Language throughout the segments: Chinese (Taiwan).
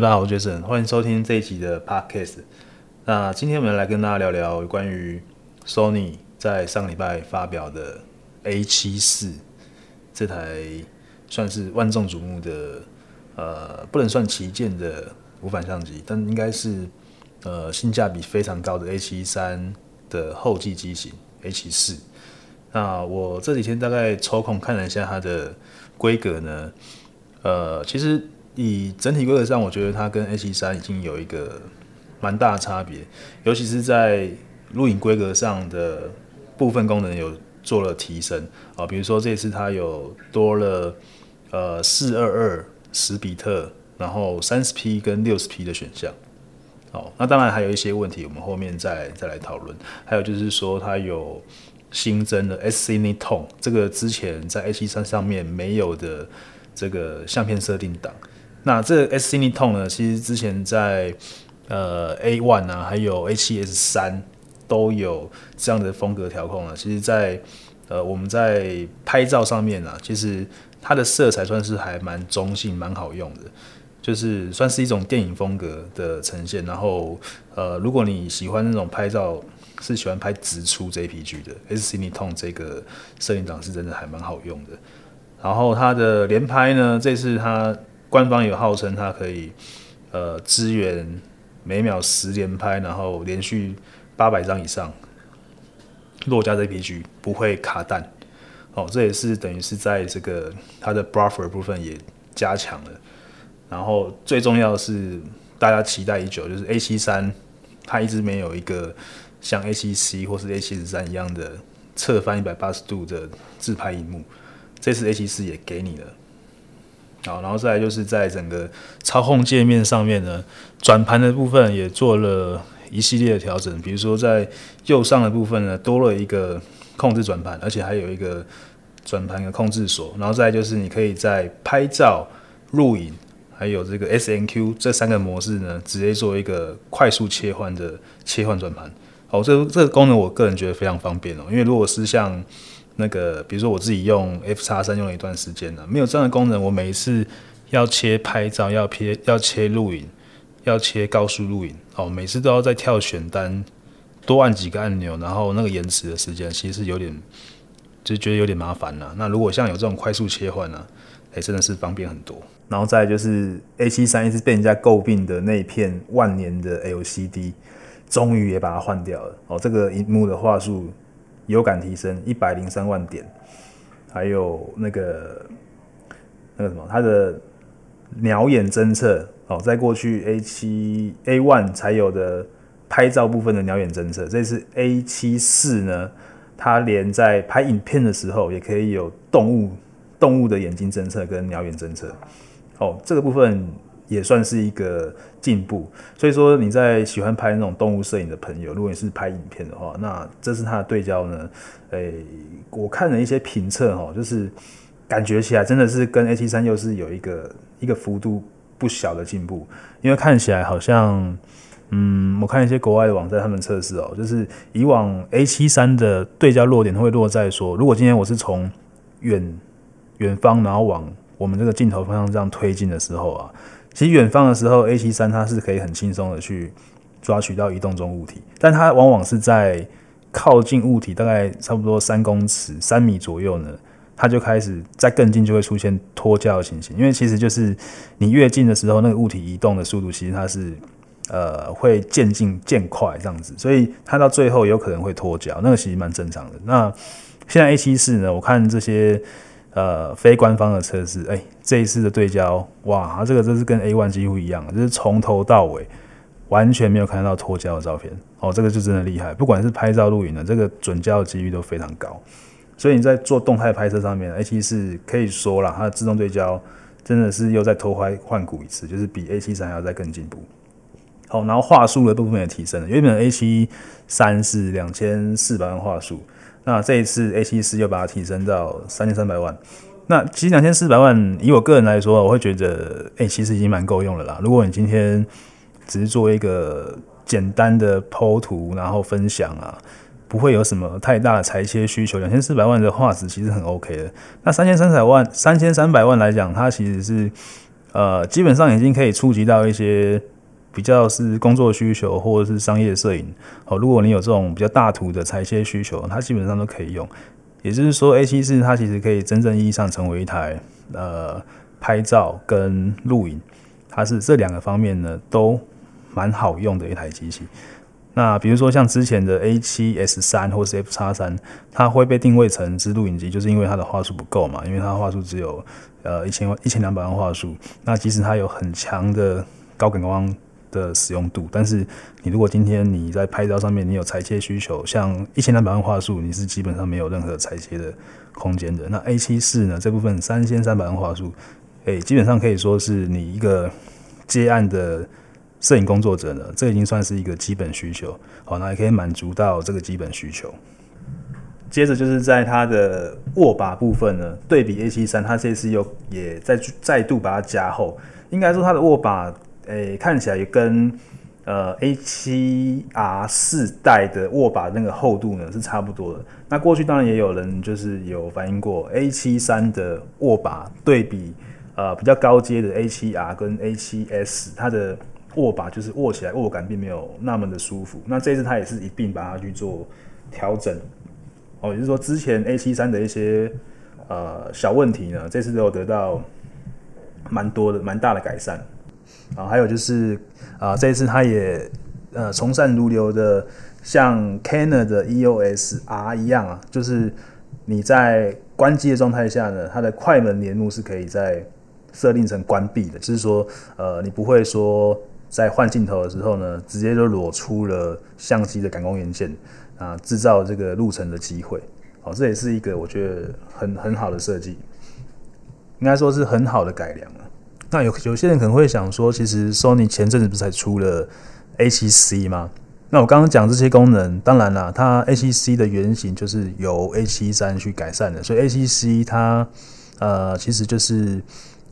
大家好，我是 Jason，歡迎收聽這一集的 Podcast。那今天我們來跟大家聊聊關於 Sony 在上禮拜發表的 A 七四這台算是萬眾矚目的，呃，不能算旗艦的無反相機，但應該是呃性價比非常高的 A 七三的後繼機型 A 七四。那我這幾天大概抽空看了一下它的規格呢，呃，其實。以整體規格上，我覺得它跟 A7 III 已經有一個蠻大的差別，尤其是在錄影規格上的部分功能有做了提升哦。比如說這次它有多了呃四二二十比特，22, bit，然後三十 P 跟六十 P 的選項。哦，那當然還有一些問題，我們後面再再來討論。還有就是說它有新增的 S-Cinetone 這個之前在 A7 III 上面沒有的這個相片設定檔。那這個 S Cinetone 呢，其實之前在呃 A1 啊，還有 H S 三，都有這樣的風格調控，啊、其實在，在呃我們在拍照上面啊，其實它的色彩算是還蠻中性，蠻好用的，就是算是一種電影風格的呈現。然後呃，如果你喜歡那種拍照是喜歡拍直出 J P G 的 S Cinetone 這個攝影檔是真的還蠻好用的。然後它的連拍呢，這次它官方有號稱它可以，呃，支援每秒十連拍，然後連續八百張以上，RAW 加 JPG 不會卡彈，哦，這也是等於是在這個它的 buffer 部分也加強了，然後最重要的是大家期待已久，就是 A 七三它一直沒有一個像 A 七 C 或是 A 七十三一樣的側翻一百八十度的自拍熒幕，這次 A 七四也給你了。好，然後再來就是在整個操控界面上面呢，轉盤的部分也做了一系列的調整，比如說在右上的部分呢，多了一個控制轉盤，而且還有一個轉盤的控制鎖。然後再來就是你可以在拍照、錄影，還有這個 S&Q 這三個模式呢，直接做一個快速切換的切換轉盤。好，這這個功能我個人覺得非常方便哦，因為如果是像那個，比如說我自己用 FX3 用了一段時間了、啊，沒有這樣的功能，我每一次要切拍照、要切要切錄影、要切高速錄影，哦，每次都要再跳選單多按幾個按鈕，然後那個延遲的時間其實是有點，就覺得有點麻煩了、啊。那如果像有這種快速切換呢、啊，哎、欸，真的是方便很多。然後再來就是 A 七三一直被人家詬病的那一片萬年的 LCD，終於也把它換掉了。哦，這個熒幕的畫素。有感提升一百零三萬點，還有那個那個什麼，它的鳥眼偵測哦，在過去 A 七 A one 才有的拍照部分的鳥眼偵測，這次 A 七四呢，它連在拍影片的時候也可以有動物動物的眼睛偵測跟鳥眼偵測哦，這個部分。也算是一個進步，所以說你在喜歡拍那種動物攝影的朋友，如果你是拍影片的話，那這是它的對焦呢。誒，我看了一些評測哦，就是感覺起來真的是跟 A 七三，又是有一個一個幅度不小的進步，因為看起來好像，嗯，我看一些國外的網站他們測試哦，就是以往 A 七三的對焦落點會落在說，如果今天我是從遠遠方然後往我們這個鏡頭方向這樣推進的時候啊。其實遠方的時候，A 七三它是可以很輕鬆的去抓取到移動中物體，但它往往是在靠近物體，大概差不多三公尺、三米左右呢，它就開始再更近就會出現脫焦的情形，因為其實就是你越近的時候，那個物體移動的速度其實它是呃會漸進漸快這樣子，所以它到最後有可能會脫焦，那個其實蠻正常的。那現在 A 七四呢，我看這些。呃，非官方的測試，哎、欸，這一次的對焦，哇，它這個真是跟 A1 幾乎一樣，就是從頭到尾完全沒有看得到脫焦的照片，哦，這個就真的厲害。不管是拍照、錄影的，這個準焦的幾率都非常高。所以你在做動態拍攝上面，A7 四可以說了，它的自動對焦真的是又在脫胎換骨一次，就是比 A7 三還要再更進步。好、哦，然後畫素的部分也提升了，原本 A7 三是兩千四百萬畫素。那這一次 A74 又把它提升到三千三百萬。那其實兩千四百萬，以我個人來說，我會覺得，哎，其實已經蠻夠用了啦。如果你今天只是做一個簡單的 po 圖，然後分享啊，不會有什麼太大的裁切需求，兩千四百萬的畫質其實很 OK 的。那三千三百萬，三千三百萬來講，它其實是，呃，基本上已經可以觸及到一些。比較是工作需求或者是商業攝影哦，如果你有這種比較大圖的裁切需求，它基本上都可以用。也就是說，A7 IV 它其實可以真正意義上成為一台呃拍照跟錄影，它是這兩個方面呢都蠻好用的一台機器。那比如說像之前的 A7S 三或是 FX 3，它會被定位成是錄影機，就是因為它的畫素不夠嘛，因為它畫素只有呃一千萬、一千兩百萬畫素。那即使它有很強的高感光的使用度，但是你如果今天你在拍照上面，你有裁切需求，像一千兩百萬畫素，你是基本上沒有任何裁切的空間的。那 A 七四呢？這部分三千三百萬畫素，誒、欸，基本上可以說是你一個接案的攝影工作者呢，這個、已經算是一個基本需求。好，那也可以滿足到這個基本需求。接着就是在它的握把部分呢，對比 A 七三，它這次又也再再,再度把它加厚，應該說它的握把。誒、欸，看起來也跟呃 A 七 R 四代的握把那個厚度呢是差不多的。那過去當然也有人就是有反映過 A 七三的握把對比呃比較高階的 A 七 R 跟 A 七 S，它的握把就是握起來握感並沒有那麼的舒服。那這次它也是一併把它去做調整，哦，也就是說之前 A 七三的一些呃小問題呢，這次都有得到蠻多的蠻大的改善。啊，還有就是啊、呃，這一次它也呃從善如流的，像 Canon 的 EOS R 一樣啊，就是你在關機的狀態下呢，它的快門連路是可以在設定成關閉的，就是說呃你不會說在換鏡頭的時候呢，直接就裸出了相機的感光元件啊、呃，製造這個入塵的機會。哦，這也是一個我覺得很很好的設計，應該說是很好的改良了、啊。那有有些人可能會想說，其實索尼前陣子不是才出了 A7C 嗎？那我剛剛講這些功能，當然啦，它 A7C 的原型就是由 A73 去改善的，所以 A7C 它呃其實就是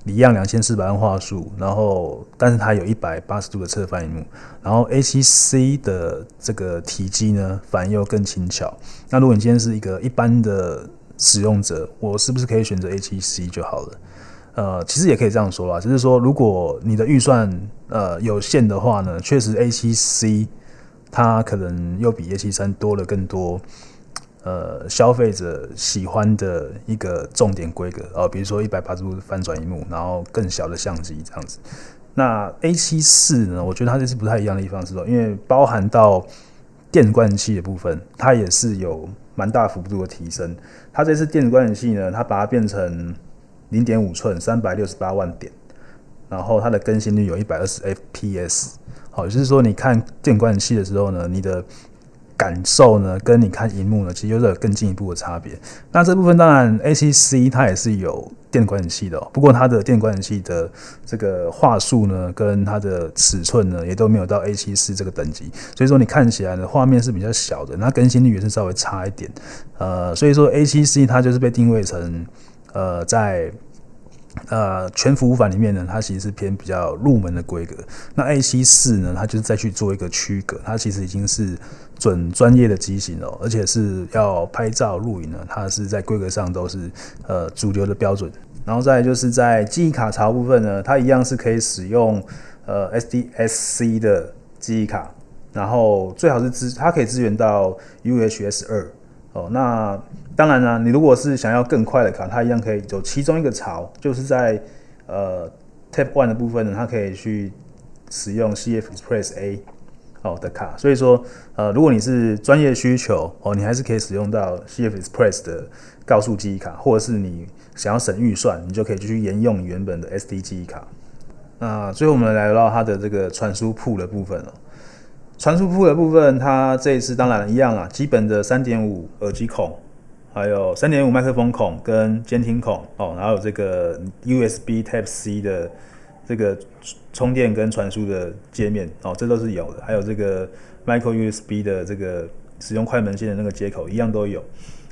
一樣兩千四百萬畫素，然後但是它有一百八十度的側翻螢幕，然後 A7C 的這個體積呢，反而又更輕巧。那如果你今天是一個一般的使用者，我是不是可以選擇 A7C 就好了？呃，其實也可以這樣說啦，只、就是說如果你的預算呃有限的話呢，確實 A7C 它可能又比 A7 III 多了更多呃消費者喜歡的一個重點規格哦、呃，比如說一百八十度翻轉螢幕，然後更小的相機這樣子。那 A7 IV 呢，我覺得它這次不太一樣的地方是說，因為包含到電子觀景器的部分，它也是有蠻大幅度的提升。它這次電子觀景器呢，它把它變成。零點五寸，三百六十八萬點，然後它的更新率有一百二十 FPS。好，也就是說，你看電子觀景器的時候呢，你的感受呢，跟你看熒幕呢，其實有更進一步的差別。那這部分當然 A 七 C 它也是有電子觀景器的，喔，不過它的電子觀景器的這個畫素呢，跟它的尺寸呢，也都沒有到 A 七四這個等級。所以說，你看起來的畫面是比較小的，那更新率也是稍微差一點。呃，所以說 A 七 C 它就是被定位成。呃，在呃全幅無反裡面呢，它其實是偏比較入門的規格。那 A 七四呢，它就是再去做一個區隔，它其實已經是準專業的機型了，而且是要拍照錄影呢，它是在規格上都是呃主流的標準。然後再就是在記憶卡槽部分呢，它一樣是可以使用呃 SDSC 的記憶卡，然後最好是支，它可以支援到 UHS 二哦那。當然啦、啊，你如果是想要更快的卡，它一樣可以走其中一個槽，就是在呃 Tap One 的部分呢，它可以去使用 CF Express A 哦的卡。所以說，呃，如果你是專業需求哦，你還是可以使用到 CF Express 的高速記憶卡，或者是你想要省預算，你就可以繼續沿用你原本的 SD 記憶卡。那最後我們來到它的這個傳輸 port 的部分哦，傳輸 port 的部分，它這一次當然一樣啊，基本的三點五耳機孔。還有三點五麥克風孔跟監聽孔哦，還有這個 USB Type C 的這個充電跟傳輸的界面哦，這都是有的。還有這個 Micro USB 的這個使用快門線的那個接口一樣都有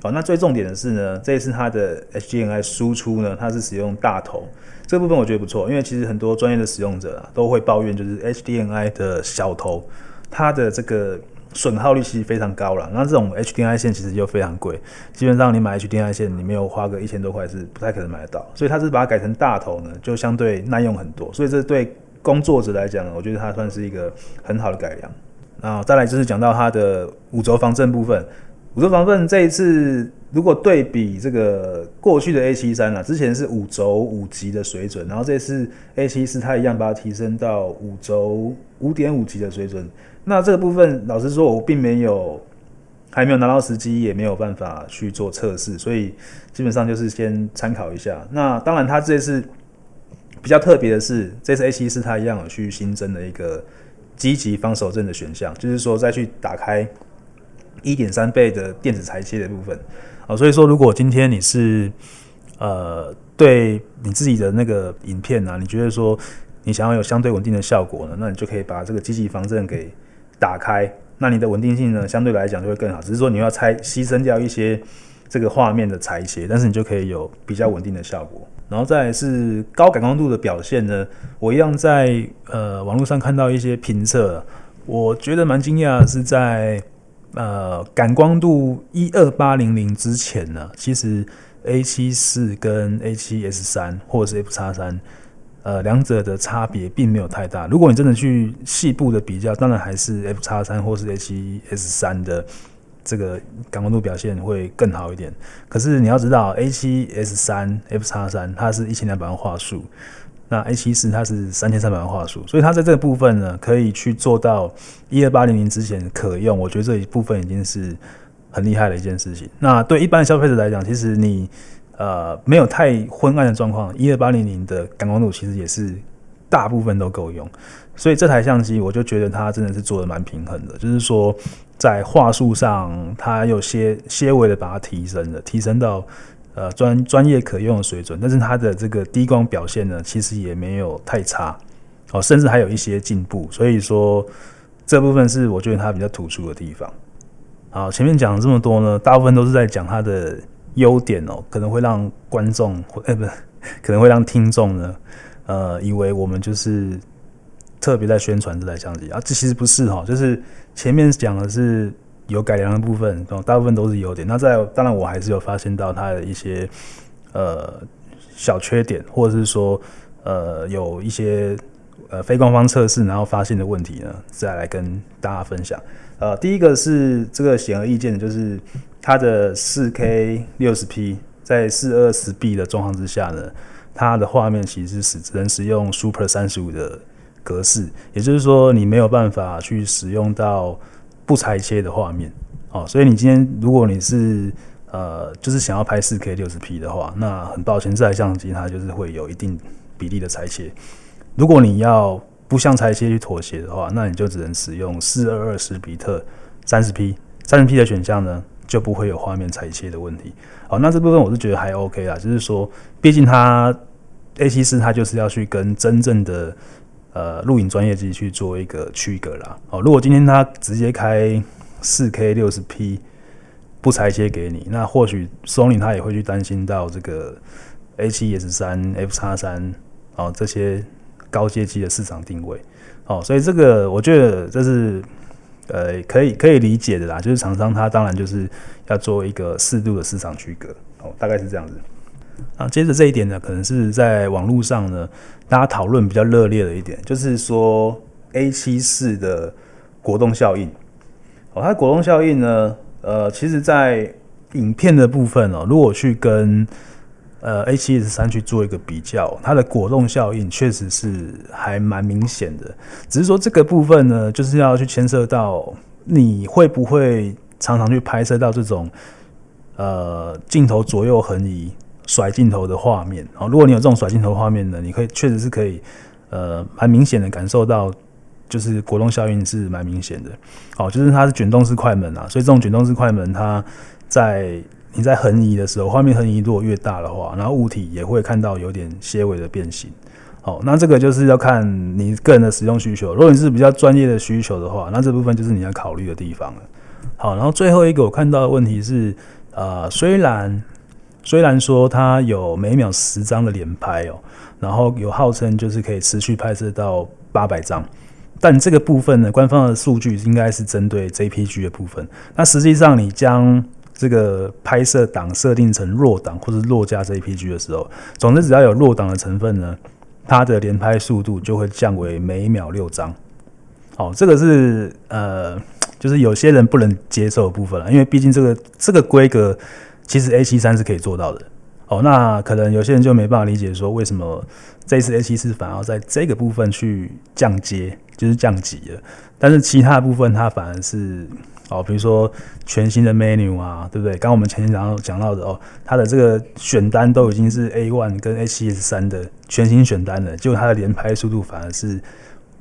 哦。那最重點的是呢，這一次它的 HDMI 輸出呢，它是使用大頭這個部分，我覺得不錯，因為其實很多專業的使用者、啊、都會抱怨，就是 HDMI 的小頭，它的這個。損耗率其實非常高了，那這種 HDMI 線其實就非常貴，基本上你買 HDMI 線，你沒有花個一千多塊是不太可能買得到，所以它是把它改成大頭呢，就相對耐用很多，所以這對工作者來講呢，我覺得它算是一個很好的改良。那再來就是講到它的五軸防震部分，五軸防震這一次。如果對比這個過去的 A 七三啊，之前是五軸五級的水準，然後這次 A 七四它一樣把它提升到五軸五點五級的水準。那這個部分，老實說，我並沒有還沒有拿到時機，也沒有辦法去做測試，所以基本上就是先參考一下。那當然，它這次比較特別的是，這次 A 七四它一樣有去新增了一個積極防手震的選項，就是說再去打開一點三倍的電子裁切的部分。啊，所以說，如果今天你是，呃，對你自己的那個影片呢，啊，你覺得說，你想要有相對穩定的效果呢，那你就可以把這個積極防震給打開，那你的穩定性呢，相對來講就會更好。只是說你要拆犧牲掉一些這個畫面的裁切，但是你就可以有比較穩定的效果。然後再來是高感光度的表現呢，我一樣在呃網絡上看到一些評測，我覺得蠻驚訝的是在。呃，感光度一二八零零之前呢，其實 A7 四跟 A7S 三或者是 F X 三，呃，兩者的差別並沒有太大。如果你真的去細部的比較，當然還是 F X 三或是 A7S 三的這個感光度表現會更好一點。可是你要知道，A7S 三、A S 3, F X 三，它是一千兩百萬畫素。那 A7 四它是三千三百萬畫素所以它在這個部分呢，可以去做到一二八零零之前可用。我覺得這一部分已經是很厲害的一件事情。那對一般消費者來講，其實你呃沒有太昏暗的狀況，一二八零零的感光度其實也是大部分都夠用。所以這台相機我就覺得它真的是做得蠻平衡的，就是說在畫素上它有些些微的把它提升了，提升到。呃，專專業可用的水準，但是它的這個低光表現呢，其實也沒有太差，哦，甚至還有一些進步。所以說，這部分是我覺得它比較突出的地方。好，前面講了這麼多呢，大部分都是在講它的優點哦，可能會讓觀眾，呃，不，可能會讓聽眾呢，呃，以為我們就是特別在宣傳這台相機啊，這其實不是哦，就是前面講的是。有改良的部分，大部分都是優點。那在當然，我還是有發現到它的一些呃小缺點，或者是說呃有一些呃非官方測試，然後發現的問題呢，再來跟大家分享。呃，第一個是這個顯而易見的，就是它的四 K 六十 P 在四二零 B 的狀況之下呢，它的畫面其實是只能使用 Super 三十五的格式，也就是說你沒有辦法去使用到。不裁切的畫面，哦，所以你今天如果你是呃，就是想要拍四 K 六十 P 的話，那很抱歉，這台相機它就是會有一定比例的裁切。如果你要不想裁切去妥協的話，那你就只能使用四二二十比特三十 P 三十 P 的選項呢，就不會有畫面裁切的問題。好，那這部分我是覺得還 OK 啦，就是說，畢竟它 A 七四它就是要去跟真正的。呃，錄影專業機去做一個區隔啦。哦，如果今天他直接開四 K 六十 P 不裁切給你，那或許 Sony 他也會去擔心到這個 A 七 S 三、FX 三，哦，這些高階機的市場定位。哦，所以這個我覺得這是呃可以可以理解的啦。就是廠商他當然就是要做一個適度的市場區隔。哦，大概是這樣子。啊，接着這一點呢，可能是在網絡上呢，大家討論比較熱烈的一點，就是說 A7 四的果凍效應。哦，它的果凍效應呢，呃，其實，在影片的部分哦，如果去跟呃 A7S 三去做一個比較，它的果凍效應確實是還蠻明顯的。只是說這個部分呢，就是要去牽涉到你會不會常常去拍攝到這種呃鏡頭左右橫移，甩鏡頭的畫面，好，如果你有這種甩鏡頭畫面呢，你可以確實是可以，呃，蠻明顯的感受到，就是果凍效應是蠻明顯的，好，就是它是捲動式快門啊，所以這種捲動式快門，它在你在橫移的時候，畫面橫移如果越大的話，然後物體也會看到有點些微的變形，好，那這個就是要看你個人的使用需求，如果你是比較專業的需求的話，那這部分就是你要考慮的地方了，好，然後最後一個我看到的問題是，啊，雖然雖然說它有每秒十張的連拍哦、喔，然後有號稱就是可以持續拍攝到八百張，但這個部分呢，官方的數據應該是針對 JPG 的部分。那實際上你將這個拍攝檔設定成弱檔或者弱加 JPG 的時候，總之只要有弱檔的成分呢，它的連拍速度就會降為每秒六張。好，這個是呃，就是有些人不能接受的部分了，因為畢竟這個這個規格。其實 A 七三是可以做到的哦、喔，那可能有些人就沒辦法理解，說為什麼這次 A 七四反而在這個部分去降階，就是降級了，但是其他的部分它反而是哦、喔，比如說全新的 menu 啊，對不對？剛我們前面講到講到的哦、喔，它的這個選單都已經是 A one 跟 A 七 S 三的全新選單了，就它的連拍速度反而是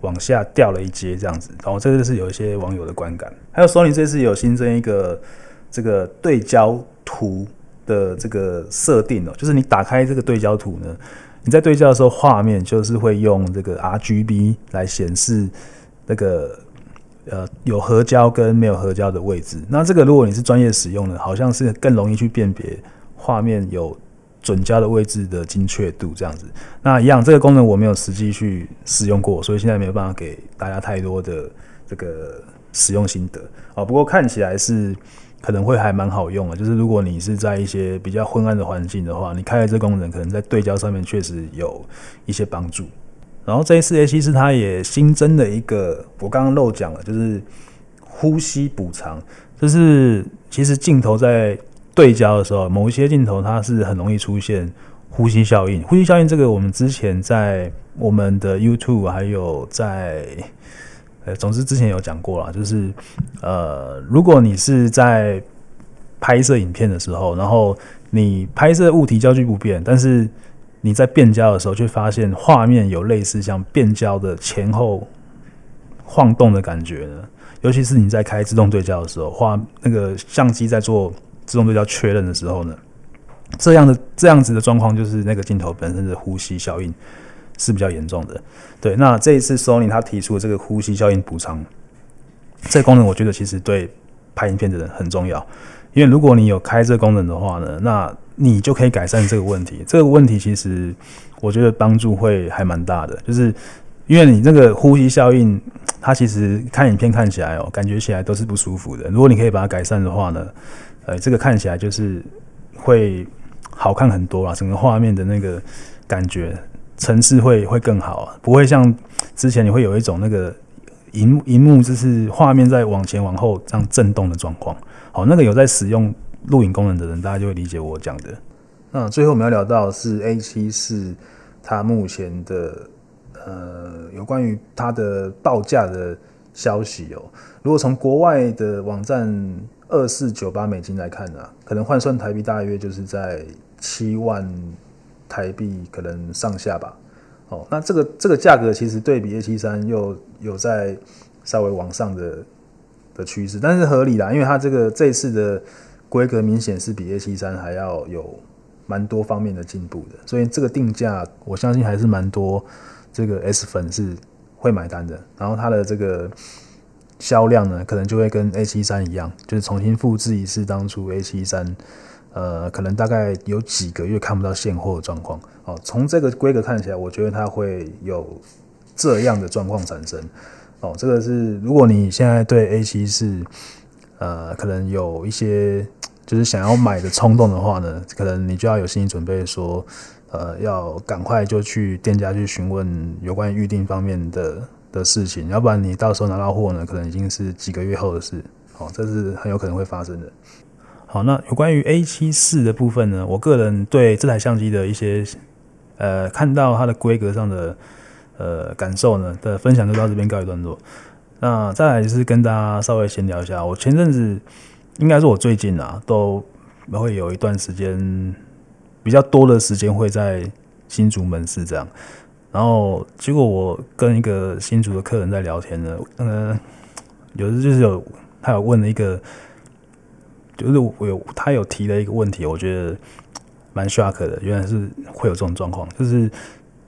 往下掉了一階這樣子，然後這個是有一些網友的觀感，還有索尼這次有新增一個。這個對焦圖的這個設定哦，就是你打開這個對焦圖呢，你在對焦的時候，畫面就是會用這個 RGB 來顯示那個呃有合焦跟沒有合焦的位置。那這個如果你是專業使用的，好像是更容易去辨別畫面有準焦的位置的精確度這樣子。那一樣這個功能我沒有實際去使用過，所以現在沒有辦法給大家太多的。這個使用心得啊，不過看起來是可能會還蠻好用的。就是如果你是在一些比較昏暗的環境的話，你開了這功能，可能在對焦上面確實有一些幫助。然後這一次 A7 是它也新增了一個，我剛剛漏講了，就是呼吸補償。就是其實鏡頭在對焦的時候，某一些鏡頭它是很容易出現呼吸效應。呼吸效應這個，我們之前在我們的 YouTube 還有在。總之，之前有講過啦，就是，呃，如果你是在拍攝影片的時候，然後你拍攝物體焦距不變，但是你在變焦的時候，卻發現畫面有類似像變焦的前後晃動的感覺呢，尤其是你在開自動對焦的時候，畫那個相機在做自動對焦確認的時候呢，這樣的這樣子的狀況，就是那個鏡頭本身的呼吸效應。是比較嚴重的，對。那這一次索尼他提出的這個呼吸效應補償，這個功能我覺得其實對拍影片的人很重要，因為如果你有開這個功能的話呢，那你就可以改善這個問題。這個問題其實我覺得幫助會還蠻大的，就是因為你那個呼吸效應，它其實看影片看起來哦、喔，感覺起來都是不舒服的。如果你可以把它改善的話呢，呃，這個看起來就是會好看很多啦，整個畫面的那個感覺。城市會會更好，啊，不會像之前你會有一種那個熒幕，熒幕就是畫面在往前往後這樣震動的狀況。好，那個有在使用錄影功能的人，大家就會理解我講的。那最後我們要聊到是 A7 四它目前的呃有關於它的報價的消息哦，喔。如果從國外的網站二四九八美金來看呢，啊，可能換算台幣大約就是在七萬。台幣可能上下吧，哦，那這個這個價格其實對比 A 七三，又有在稍微往上的的趨勢，但是合理啦，因為它這個這次的規格明顯是比 A 七三，還要有蠻多方面的進步的，所以這個定價我相信還是蠻多這個 S 粉是會買單的，然後它的這個銷量呢，可能就會跟 A 七三一樣，就是重新複製一次當初 A 七三。呃，可能大概有幾個月看不到現貨的狀況哦。從這個規格看起來，我覺得它會有這樣的狀況產生哦。這個是，如果你現在對 A 七是呃，可能有一些就是想要買的衝動的話呢，可能你就要有心理準備說，說呃，要趕快就去店家去詢問有關預定方面的的事情，要不然你到時候拿到貨呢，可能已經是幾個月後的事哦。這是很有可能會發生的。好，那有關於 A74 的部分呢？我個人對這台相機的一些，呃，看到它的規格上的呃感受呢的分享就到這邊告一段落。那再來就是跟大家稍微閒聊一下，我前陣子應該是我最近啊，都會有一段時間比較多的時間會在新竹門市這樣。然後結果我跟一個新竹的客人在聊天呢，嗯、呃，有的就是有他有問了一個。就是我有他有提了一個問題，我覺得蠻 shock 的，原來是會有這種狀況，就是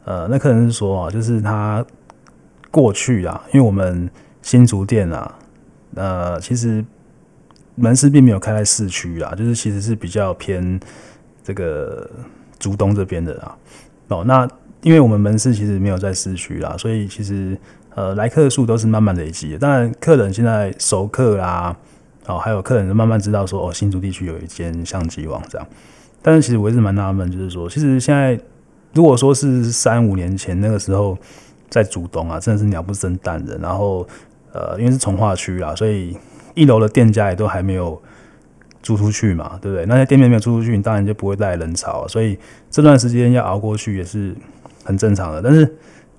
呃，那客人是說啊，就是他過去啊，因為我們新竹店啊，呃，其實門市並沒有開在市區啊，就是其實是比較偏這個竹東這邊的啊。哦，那因為我們門市其實沒有在市區啦，所以其實呃，來客數都是慢慢累積的，當然客人現在熟客啦、啊。哦，還有客人就慢慢知道說，哦，新竹地區有一間相機網站，但是其實我一直蠻納悶，就是說，其實現在如果說是三五年前那個時候在竹東啊，真的是鳥不生蛋的，然後呃，因為是重劃區啊，所以一樓的店家也都還沒有租出去嘛，對不對？那些店面沒有租出、出去，你當然就不會帶人潮，啊，所以這段時間要熬過去也是很正常的。但是，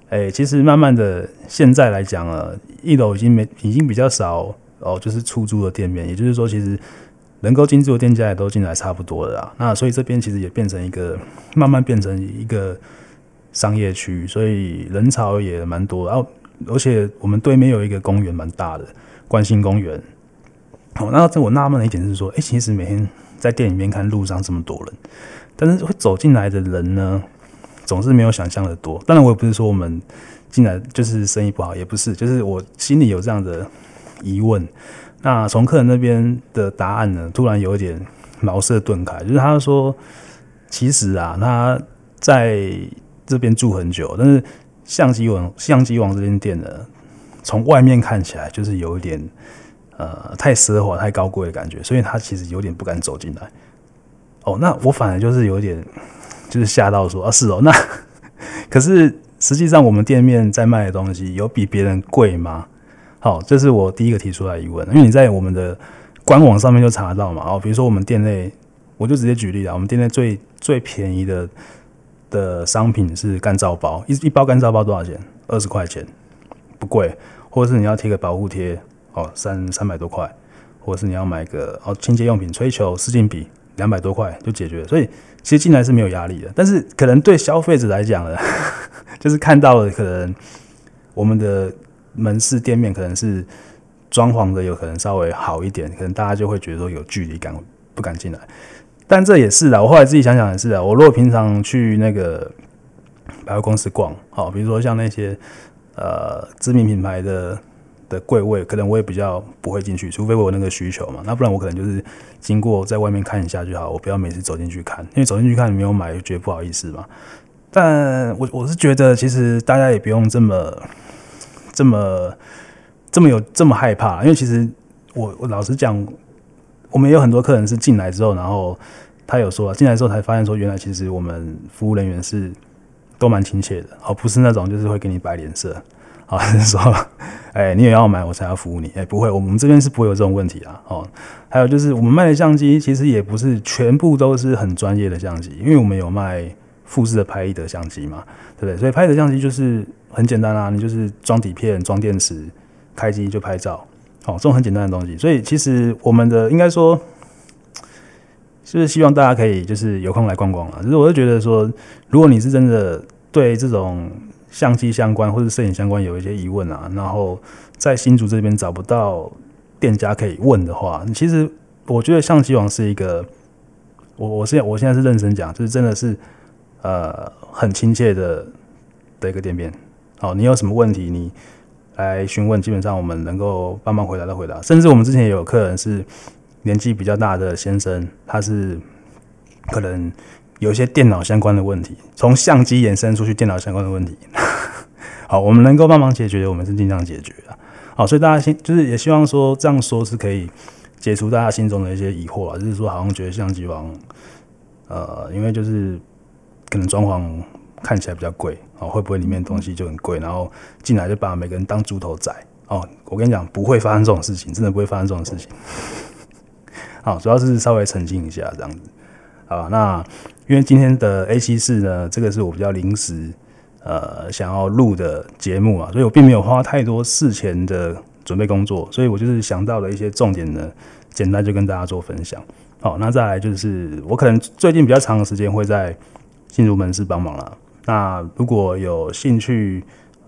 哎，其實慢慢的現在來講啊，一樓已經沒，已經比較少，哦，就是出租的店面，也就是說，其實能夠進駐的店家也都進來差不多的啦。那所以這邊其實也變成一個慢慢變成一個商業區，所以人潮也蠻多的。然、啊、後，而且我們對面有一個公園，蠻大的關心公園。好、哦，那我納悶的一點是說，哎、欸，其實每天在店裡面看路上這麼多人，但是會走進來的人呢，總是沒有想象的多。當然，我也不是說我們進來就是生意不好，也不是，就是我心裡有這樣的。疑問，那從客人那邊的答案呢？突然有一點茅塞頓開，就是他說：“其實啊，他在這邊住很久，但是相機王、相機王這間店呢，從外面看起來就是有一點呃太奢華、太高貴的感覺，所以他其實有點不敢走進來。”哦，那我反而就是有點就是嚇到說：“啊，是哦。那”那可是實際上我們店面在賣的東西有比別人貴嗎？好，這是我第一個提出來的疑問，因為你在我們的官網上面就查到嘛。哦，比如說我們店內，我就直接舉例了，我們店內最最便宜的的商品是乾燥包，一一包乾燥包多少錢？二十塊錢，不貴。或者是你要貼個保護貼，哦，三三百多塊；或者是你要買個哦清潔用品、吹球、拭鏡筆，兩百多塊就解決了。所以其實進來是沒有壓力的，但是可能對消費者來講呢，就是看到了可能我們的。門市店面可能是裝潢的，有可能稍微好一點，可能大家就會覺得說有距離感，不敢進來。但這也是的，我後來自己想想也是的。我如果平常去那個百貨公司逛，好，比如說像那些呃知名品牌的的櫃位，可能我也比較不會進去，除非我有那個需求嘛。那不然我可能就是經過在外面看一下就好，我不要每次走進去看，因為走進去看你沒有買就覺得不好意思嘛。但我我是覺得，其實大家也不用這麼。這麼這麼有這麼害怕，因為其實我我老實講，我們也有很多客人是進來之後，然後他有說進來之後才發現說原來其實我們服務人員是都蠻親切的，哦，不是那種就是會給你擺臉色，哦，是說哎你也要買我才要服務你，哎不會，我們這邊是不會有這種問題啊，哦，還有就是我們賣的相機其實也不是全部都是很專業的相機，因為我們有賣富士的拍立得相機嘛，對不對？所以拍立得相機就是。很簡單啊，你就是裝底片，裝電池，開機就拍照，好，哦，這種很簡單的東西。所以其實我們的應該說，就是希望大家可以就是有空來逛逛啊。其實我就覺得說，如果你是真的對這種相機相關或者攝影相關有一些疑問啊，然後在新竹這邊找不到店家可以問的話，其實我覺得相機王是一個，我我是我現在是認真講，就是真的是呃很親切的的一個店面。好，你有什麼問題？你來詢問，基本上我們能夠幫忙回答的回答。甚至我們之前也有客人是年紀比較大的先生，他是可能有一些電腦相關的問題，從相機延伸出去電腦相關的問題。好，我們能夠幫忙解決，我們是盡量解決。好，所以大家先就是也希望說這樣說是可以解除大家心中的一些疑惑啊，就是說好像覺得相機王，呃，因為就是可能裝潢。看起來比較貴哦，會不會裡面的東西就很貴？然後進來就把每個人當豬頭宰哦？我跟你講，不會發生這種事情，真的不會發生這種事情。好，主要是稍微澄清一下這樣子。好，那因為今天的 A7 IV 呢，這個是我比較臨時呃想要錄的節目啊，所以我並沒有花太多事前的準備工作，所以我就是想到了一些重點呢，簡單就跟大家做分享。好，那再來就是我可能最近比較長的時間會在進入門市幫忙啦。那如果有興趣，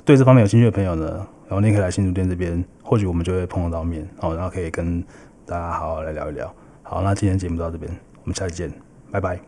對這方面有興趣的朋友呢，然後你可以來新書店這邊，或許我們就會碰得到面，哦，然後可以跟大家好好來聊一聊。好，那今天節目到這邊，我們下次見，拜拜。